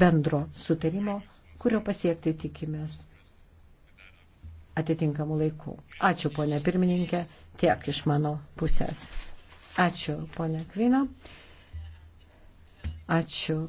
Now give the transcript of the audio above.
bendro sutarimo, kurio pasiekti tikimės atitinkamų laikų. Ačiū, ponė pirmininkė, tiek iš mano pusės. Ačiū, ponė Kvina. Ačiū.